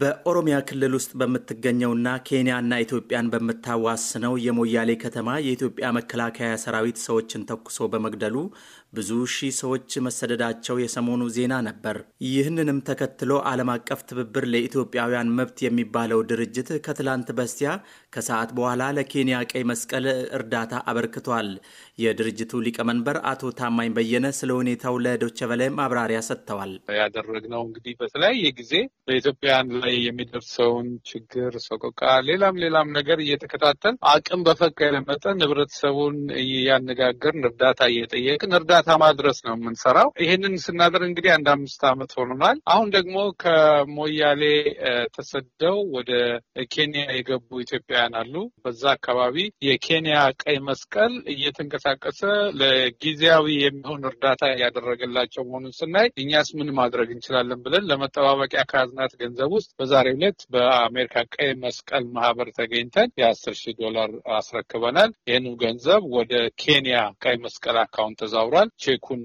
በኦሮሚያ ክልል ውስጥ በምትገኘውና ኬንያና ኢትዮጵያን በምታዋስነው የሞያሌ ከተማ የኢትዮጵያ መከላከያ ሰራዊት ሰዎችን ተኩሶ በመግደሉ ብዙ ሺህ ሰዎች መሰደዳቸው የሰሞኑ ዜና ነበር። ይህንንም ተከትሎ ዓለም አቀፍ ትብብር ለኢትዮጵያውያን መብት የሚባለው ድርጅት ከትላንት በስቲያ ከሰዓት በኋላ ለኬንያ ቀይ መስቀል እርዳታ አበርክቷል። የድርጅቱ ሊቀመንበር አቶ ታማኝ በየነ ስለ ሁኔታው ለዶቸበላይ ማብራሪያ ሰጥተዋል። ያደረግነው እንግዲህ በተለያየ ጊዜ በኢትዮጵያን ላይ የሚደርሰውን ችግር፣ ሰቆቃ፣ ሌላም ሌላም ነገር እየተከታተል አቅም በፈቀደ መጠን ህብረተሰቡን እያነጋገርን እርዳታ እየጠየቅን እርዳታ ማድረስ ነው የምንሰራው። ይህንን ስናደር እንግዲህ አንድ አምስት ዓመት ሆኖናል። አሁን ደግሞ ከሞያሌ ተሰደው ወደ ኬንያ የገቡ ኢትዮጵያውያን አሉ። በዛ አካባቢ የኬንያ ቀይ መስቀል እየተንቀሳቀሰ ለጊዜያዊ የሚሆን እርዳታ እያደረገላቸው መሆኑን ስናይ እኛስ ምን ማድረግ እንችላለን ብለን ለመጠባበቂያ ከያዝናት ገንዘቡ? ውስጥ በዛሬው ዕለት በአሜሪካ ቀይ መስቀል ማህበር ተገኝተን የአስር ሺህ ዶላር አስረክበናል። ይህኑ ገንዘብ ወደ ኬንያ ቀይ መስቀል አካውንት ተዛውሯል። ቼኩን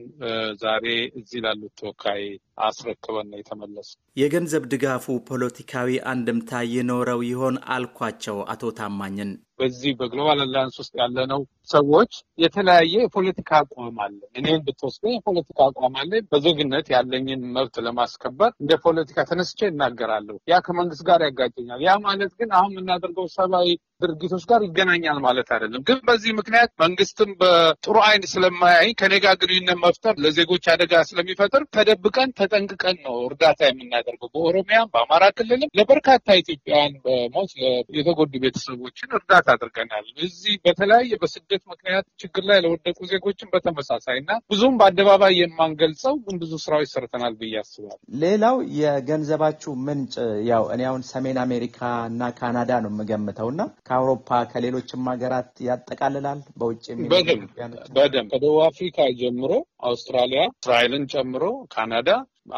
ዛሬ እዚህ ላሉት ተወካይ አስረክበን የተመለሱ። የገንዘብ ድጋፉ ፖለቲካዊ አንድምታ ይኖረው ይሆን አልኳቸው አቶ ታማኝን። በዚህ በግሎባል አላያንስ ውስጥ ያለነው ሰዎች የተለያየ የፖለቲካ አቋም አለ። እኔን ብትወስደ የፖለቲካ አቋም አለ። በዜግነት ያለኝን መብት ለማስከበር እንደ ፖለቲካ ተነስቼ እናገራለሁ። ያ ከመንግስት ጋር ያጋጨኛል። ያ ማለት ግን አሁን የምናደርገው ሰብአዊ ድርጊቶች ጋር ይገናኛል ማለት አይደለም። ግን በዚህ ምክንያት መንግስትም በጥሩ አይን ስለማያይ ከኔ ጋር ግንኙነት መፍጠር ለዜጎች አደጋ ስለሚፈጥር ተደብቀን ተጠንቅቀን ነው እርዳታ የምናደርገው። በኦሮሚያም በአማራ ክልልም ለበርካታ ኢትዮጵያውያን በሞት የተጎዱ ቤተሰቦችን እርዳታ አድርገናል። እዚህ በተለያየ በስደት ምክንያት ችግር ላይ ለወደቁ ዜጎችን በተመሳሳይ እና ብዙም በአደባባይ የማንገልጸው ግን ብዙ ስራዎች ሰርተናል ብዬ አስባለሁ። ሌላው የገንዘባችሁ ምንጭ ያው እኔ አሁን ሰሜን አሜሪካ እና ካናዳ ነው የምገምተው እና ከአውሮፓ ከሌሎችም ሀገራት ያጠቃልላል። በውጭ በደንብ በደንብ ከደቡብ አፍሪካ ጀምሮ አውስትራሊያ፣ እስራኤልን ጨምሮ ካናዳ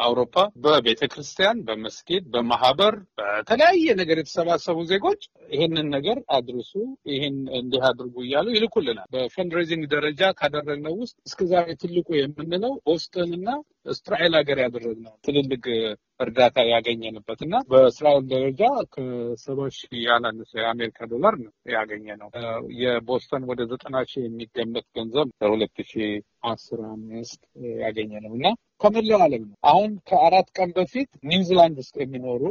አውሮፓ በቤተ ክርስቲያን፣ በመስጊድ፣ በማህበር፣ በተለያየ ነገር የተሰባሰቡ ዜጎች ይህንን ነገር አድርሱ፣ ይህን እንዲህ አድርጉ እያሉ ይልኩልናል። በፈንድሬዚንግ ደረጃ ካደረግነው ውስጥ እስከዛሬ ትልቁ የምንለው ቦስተን እና እስራኤል ሀገር ያደረግነው ትልልቅ እርዳታ ያገኘንበት እና በእስራኤል ደረጃ ከሰባ ሺህ ያላነሰ የአሜሪካ ዶላር ነው ያገኘ ነው። የቦስተን ወደ ዘጠና ሺህ የሚገመት ገንዘብ ከሁለት ሺህ አስር አምስት ያገኘ ነው እና ከመላው ዓለም ነው። አሁን ከአራት ቀን በፊት ኒውዚላንድ ውስጥ የሚኖሩ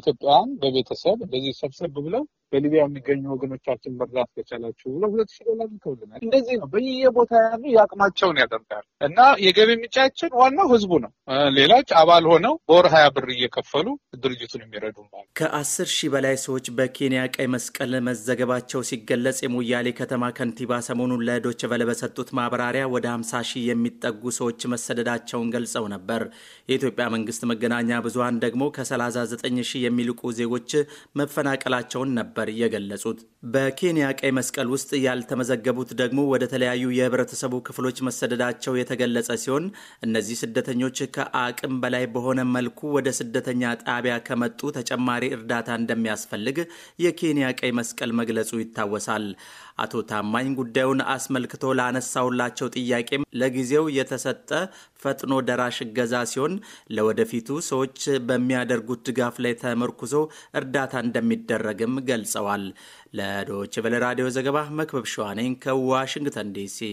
ኢትዮጵያውያን በቤተሰብ እንደዚህ ሰብሰብ ብለው በሊቢያ የሚገኙ ወገኖቻችን መርዳት ከቻላችሁ ብሎ ሁለት ሺ ዶላር ልከውልናል። እንደዚህ ነው በየቦታ ያሉ የአቅማቸውን ያደርጋል እና የገቢ ምንጫችን ዋናው ህዝቡ ነው። ሌላች አባል ሆነው በወር ሀያ ብር እየከፈሉ ድርጅቱን የሚረዱ ከአስር ሺህ በላይ ሰዎች በኬንያ ቀይ መስቀል መዘገባቸው ሲገለጽ የሞያሌ ከተማ ከንቲባ ሰሞኑን ለዶች በለ በሰጡት ማብራሪያ ወደ ሀምሳ ሺህ የሚጠጉ ሰዎች መሰደዳቸውን ገልጸው ነበር። የኢትዮጵያ መንግስት መገናኛ ብዙሀን ደግሞ ከ39 ሺህ የሚልቁ ዜጎች መፈናቀላቸውን ነበር ነበር የገለጹት። በኬንያ ቀይ መስቀል ውስጥ ያልተመዘገቡት ደግሞ ወደ ተለያዩ የህብረተሰቡ ክፍሎች መሰደዳቸው የተገለጸ ሲሆን እነዚህ ስደተኞች ከአቅም በላይ በሆነ መልኩ ወደ ስደተኛ ጣቢያ ከመጡ ተጨማሪ እርዳታ እንደሚያስፈልግ የኬንያ ቀይ መስቀል መግለጹ ይታወሳል። አቶ ታማኝ ጉዳዩን አስመልክቶ ላነሳውላቸው ጥያቄ ለጊዜው የተሰጠ ፈጥኖ ደራሽ እገዛ ሲሆን ለወደፊቱ ሰዎች በሚያደርጉት ድጋፍ ላይ ተመርኩዞ እርዳታ እንደሚደረግም ገልጸዋል። ለዶች ቨለ ራዲዮ ዘገባ መክበብ ሸዋኔን ከዋሽንግተን ዲሲ